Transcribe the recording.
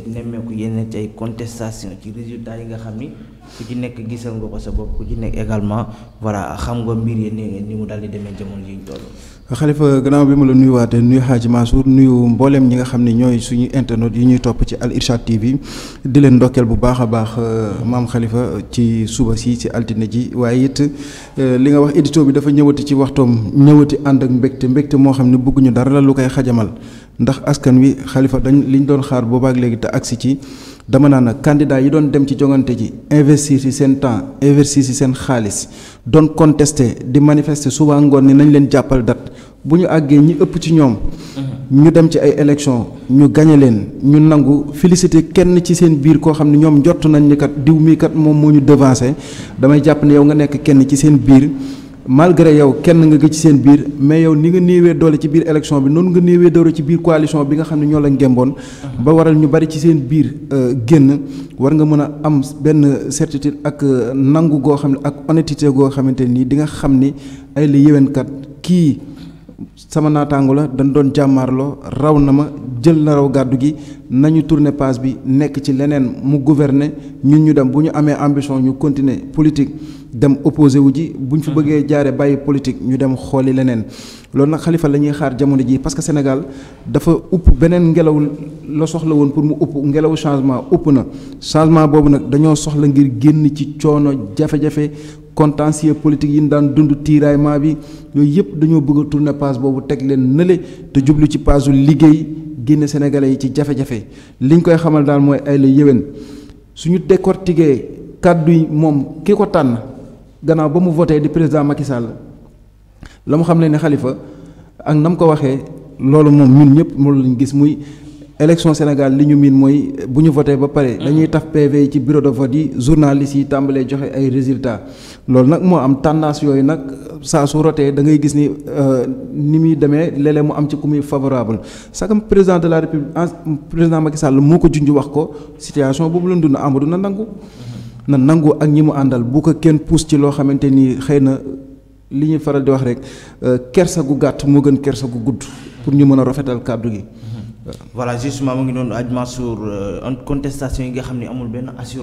te nemmeeku yenn ci contestation ci résultat yi nga xamni ku ci nekk gissal nga ko sa bop ku ci nekk également voilà xam nga mbir yi ni mu dal di demee jamono yi ñu toll. xalifa gannaaw bi ma la nuyuwaatee nuyu Hadj Mansour nuyu mbooleem ñi nga xam ne ñooy suñu internet yi ñuy topp ci Al Irshad TV di leen ndokkeel bu baax a baax euh, maam xalifa ci suba si ci altine ji waaye it euh, li nga wax édito bi dafa ñëwati ci waxtoom ñëwati ànd ak mbégte mbégte moo xam ne bëgguñu dara la lu koy xajamal ndax askan wi xalifa dañ liñ doon xaar boobaak léegi te agsi ci dama naan nag candidat yi doon dem ci jongante ji investir ci seen temps investir ci seen xaalis doon contester di manifester suba ngoon ni nañ leen jàppal dat bu ñu àggee ñi ëpp ci ñoom. ñu dem ci ay élections ñu gañe leen ñu nangu félicité kenn ci seen biir koo xam ne ñoom njott nañ ni kat diw mii moom moo ñu devancé damay jàpp ne yow nga nekk kenn ci seen biir malgré yow kenn nga gis ci seen biir mais yow ni nga néewee doole ci biir election bi noonu nga néewee doole ci biir coalition bi nga xam ne ñoo la ngemboon. ba waral ñu bari ci seen biir euh, génn war nga mën a am benn certitude ak euh, nangu goo xam ne ak honnêteté goo xamante ni di nga xam ni ay la kii. sama naataango la dañ doon jàmmaarloo raw na ma jël na raw gàddu gi nañu tourner passe bi nekk ci leneen mu gouverner ñun ñu dem bu ñu amee ambition ñu continuer politique dem opposé wu ji bu ñu fi mhm. bëggee jaare bàyyi politique ñu dem xooli leneen loolu nag Khalifa la ñuy xaar jamono ji parce que Sénégal dafa upp beneen ngelaw la soxla woon pour mu upp ngelaw changement upp na changement boobu nag dañoo soxla ngir génn ci coono jafe-jafe contentieux politique yi ñu daan dund tiraillement bi yooyu yëpp dañoo bëgg a tourner page boobu teg leen nële te jublu ci page liggéey génne Sénégalais yi ci jafe-jafe liñ koy xamal daal mooy ay la yéwén suñu décortiquer kàddu yi moom ki ko tànn gannaaw ba mu votee di président Macky Sall la mu xam leen ne xalifa ak na mu ko waxee loolu ñëpp moom lañ gis muy. élection Sénégal li ñu miin mooy bu ñu voté ba pare. Mm-hmm. dañuy taf PV yi ci bureau de vote yi journalistes yi tàmbalee joxe ay résultats loolu nag moo am tendance yooyu nag saa su rotee da ngay gis ni euh, ni muy demee léeg mu am ci ku muy favorable sagam président de la république président Macky Sall moo ko junj wax ko situation boobu la dund Amadou na nangu. Mm-hmm. na nangu ak ñi mu àndal bu ko kenn pousse ci loo xamante nii xëy na li ñuy faral di wax rek euh, kersa gu gàtt moo gën kersa gu gudd pour ñu mën a rafetal kàddu gi. Mm-hmm. voilà justement mu ngi doon ajma sur euh, contestation yi nga xam ne amul benn assurance